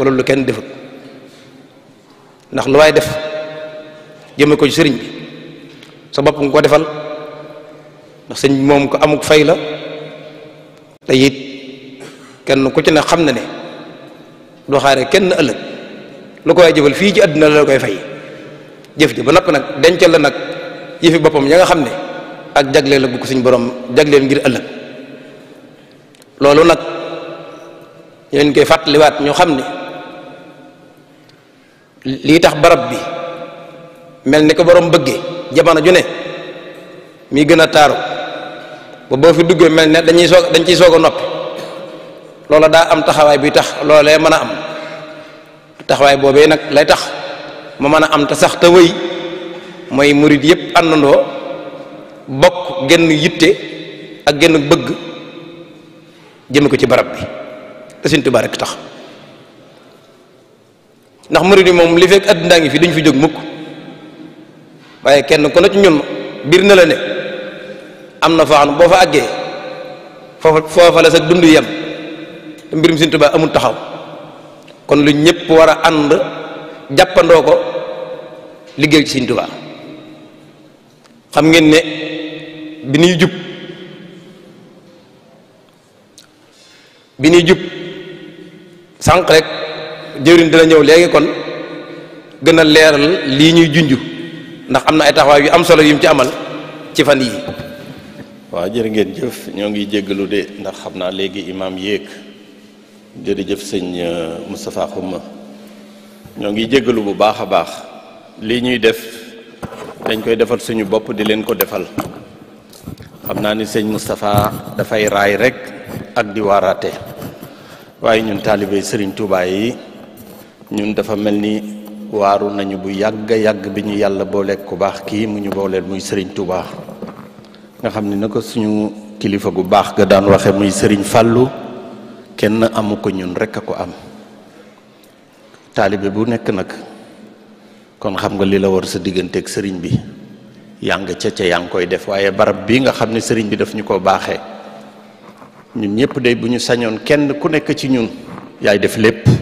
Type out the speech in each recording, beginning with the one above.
wala lu kenn defut ndax lu waay def jëme ko ci sëriñ bi sa bopp nga ko defal ndax sëñ moom ko amuk fay la te kenn ku ci xam ne ne doo xaare kenn ëllëg lu ko waay jëfal fii ci àdduna la koy fay jëf ji ba napp nag dencal la nag yëfi boppam ya nga xam ne ak jagleel la bukk ko suñ borom jagleel ngir ëllëg loolu nag ñu leen koy fàttaliwaat ñoo xam ne lii tax barab bi mel ni ko borom bëggee jamono ju ne mi gën a taaru ba boo fi duggee mel ne dañuy soog dañ ciy soog a noppi loola daa am taxawaay bi tax loolee mën a am taxawaay boobee nag lay tax mu mën a am te sax te wëy mooy murit yépp àndandoo bokk genn yitte ak genn bëgg jëme ko ci barab bi te Sëñ Tuubaa rekk tax ndax murid yi moom li fekk àddina ngi fi duñ fi jóg mukk waaye kenn ku ne ci ñun biir na la ne am na faaxan boo fa àggee foofa foofa la sa dund yem te mbirum Sëriñ Tuubaa amul taxaw kon lu ñépp war a ànd jàppandoo ko liggéey ci Sëriñ xam ngeen ne bi ñuy jub bi ñuy jub sànq rek jëriñ dina ñëw léegi kon gën a leeral lii ñuy junj ndax am na ay taxawaay yu am solo yu mu ci amal ci fan yi waaw jërë ngeen jëf ñoo ngi jéggalu de ndax xam naa léegi imaam yéeg jërëjëf sëñ euh, Moustapha Xuma ñoo ngi jéggalu bu baax a baax lii ñuy def dañ koy defal suñu bopp di leen ko defal xam naa ni sëñ Moustapha dafay raay rek ak di waaraate waaye ñun taalibey sëriñ Touba yi ñun dafa mel ni waaru nañu bu yàgg yàgg bi ñu yàlla booleek ku baax kii mu ñu booleel muy sëriñ tubaax nga xam ni na ko suñu kilifa gu baax nga daan waxe muy sëriñ Fàllu kenn amu ko ñun rek a ko am taalibe bu nekk nag kon xam nga li la war sa digganteeg sëriñ bi yaa nga ca ca yaa ngi koy def waaye barab bi nga xam ne sëriñ bi daf ñu ko baaxee ñun ñëpp day bu ñu sañoon kenn ku nekk ci ñun yaay def lépp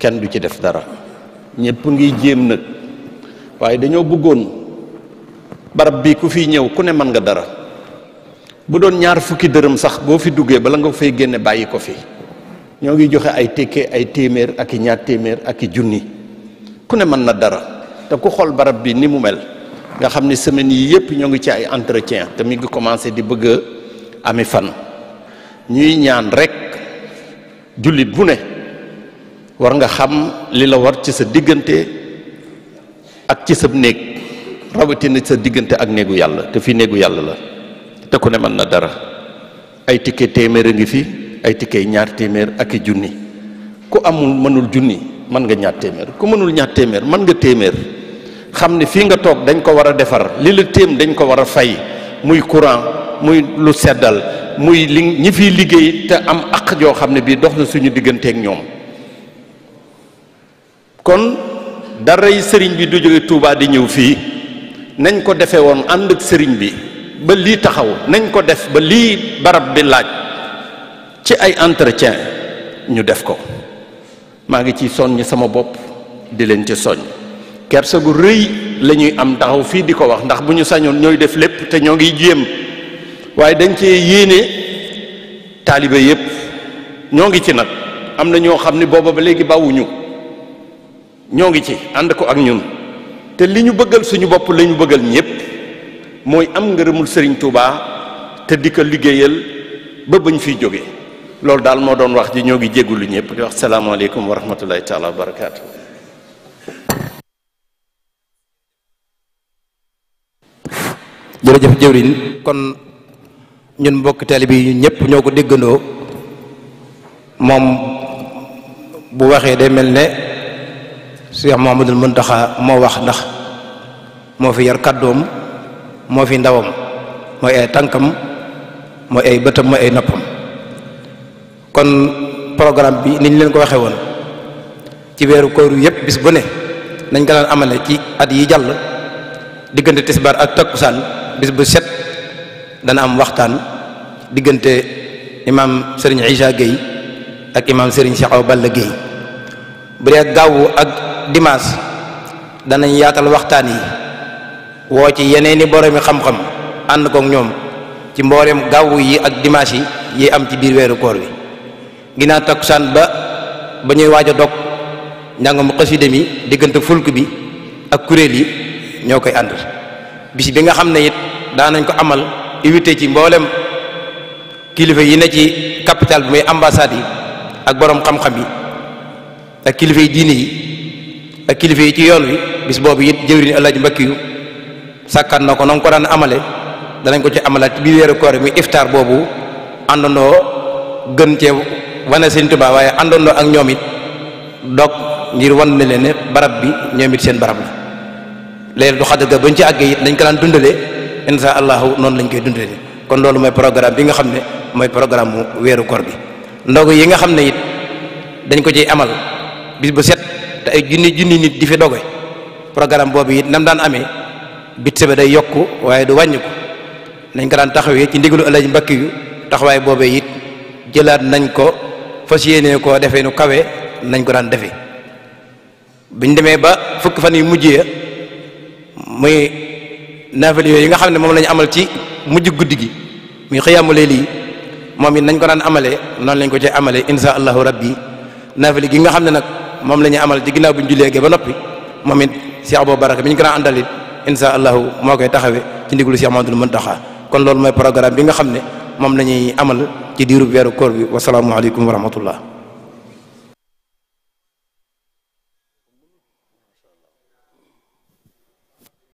kenn du ci def dara ñëpp ngi jéem nag waaye dañoo bëggoon barab bi ku fi ñëw ku ne mën nga dara bu doon ñaar fukki dërëm sax boo fi duggee bala nga fay génne bàyyi ko fi ñoo ngi joxe ay tekkee ay téeméer ak i ñaar téeméer ak i junni ku ne mën na dara te ku xool barab bi ni mu mel nga xam ne semaines yii yëpp ñoo ngi ci ay entretien te mi ngi commencé di bëgg a ami fan ñuy ñaan rek jullit bu ne war nga xam li la war ci sa diggante ak ci sa néeg rawatina sa diggante ak néegu yàlla te fii néegu yàlla la te ku ne mën na dara ay ticket téeméer a ngi fi ay ticket ñaar téeméer ak i junni ku amul mënul junni mën nga ñaar téeméer ku mënul ñaar téeméer mën nga téeméer xam ne fii nga toog dañ ko war a defar li la téem dañ ko war a fay muy courant muy lu seddal muy li ñi fiy liggéey te am aq yoo xam ne bii dox na suñu digganteeg ñoom kon daray sëriñ bi du jóge Touba di ñëw fii nañ ko defe woon ànd ak sëriñ bi ba lii taxaw nañ ko def ba lii barab bi laaj ci ay entretien ñu def ko maa ngi ci soññ sama bopp di leen ci soññ kersa gu rëy lañuy am taxaw fii di ko wax ndax bu ñu sañoon ñooy def lépp te ñoo ngi jéem waaye dañ cee yéene taalibe yépp ñoo ngi ci nag am na ñoo xam ni booba ba léegi bawuñu ñoo ngi ci ànd ko ak ñun te li ñu bëggal suñu bopp la ñu bëggal ñëpp mooy am ngërëmul sëriñ Touba te di ko liggéeyal ba bañ fi jóge loolu daal moo doon wax ji ñoo ngi jéggulu ñëpp di wax salaamaaleykum wa rahmatullahi taala wa barakaatu. jërëjëf jëwriñ kon ñun mbokk taalibe yi ñëpp ñoo ko déggandoo moom bu waxee day mel ne. Cheikh Mouhamadul Muntaxa moo wax ndax moo fi yar kàddoom moo fi ndawam mooy ay tànkam mooy ay bëtam mooy ay noppam kon programme bi niñ leen ko waxee woon ci weeru koor yëpp bis bu ne nañ ko daan amale ci at yi jàll diggante tisbaar ak takkusaan bis bu set dana am waxtaan diggante imaam Serigne Issa Gueye ak imaam Serigne Cheikh Awa Balla Gueye gaawu ak dimaas danañ yaatal waxtaan yi woo ci yeneeni boroomi xam-xam ànd kook ñoom ci mbooleem gaaw yi ak dimaas yi yi am ci biir weeru koor wi ginnaaw takkusaan ba ba ñuy waaj a dog njàngum xasida mi diggante fulk bi ak kuréel yi ñoo koy ànd bis bi nga xam ne it daanañ ko amal invité ci mbooleem kilifa yi ne ci capital bi muy ambassade yi ak boroom xam-xam yi ak kilifa yi diine yi ak kilifa yi ci yoon wi bis boobu it jëwriñ Alaaji Mbàkke yu sàkkan na ko na ko daan amale danañ ko ci amalaat bi weeru koor mi iftaar boobu àndandoo gën cee wane Sëriñ waaye àndandoo ak ñoom it dog ngir wan ne leen ne barab bi ñoom it seen barab la léegi du xadar ga bañ ci àggee it dañ ko daan dundalee insha allahu noonu lañ koy dundalee kon loolu mooy programme bi nga xam ne mooy programme mu bi ndogu ko ciy amal bis bu set te ay junni junni nit di fi doge programme boobu it nam daan amee bit ba day yokku waaye du wàññi ko nañ ko daan taxawee ci ndigalu Alaaji Mbàkke yu taxawaay boobe it jëlaat nañ ko fas yéenee koo defee nu kawe nañ ko daan defee biñ demee ba fukk fan yu mujjee muy naafil yooyu nga xam ne moom lañu amal ci mujj guddi gi muy xëyaamu leel yi moom it nañ ko daan amalee noonu lañ ko ci amalee insha allahu rabbi naafil gi nga xam ne nag moom la ñuy amal ci ginnaaw bi ñu jullee ba noppi moom it Cheikh Abou Baraka bi ñu ko daan àndal it insha allahu moo koy taxawee ci ndigalu Cheikh Mamadou Muntaxa kon loolu mooy programme bi nga xam ne moom lañuy amal ci diiru weeru koor bi wasalaamualeykum wa rahmatullah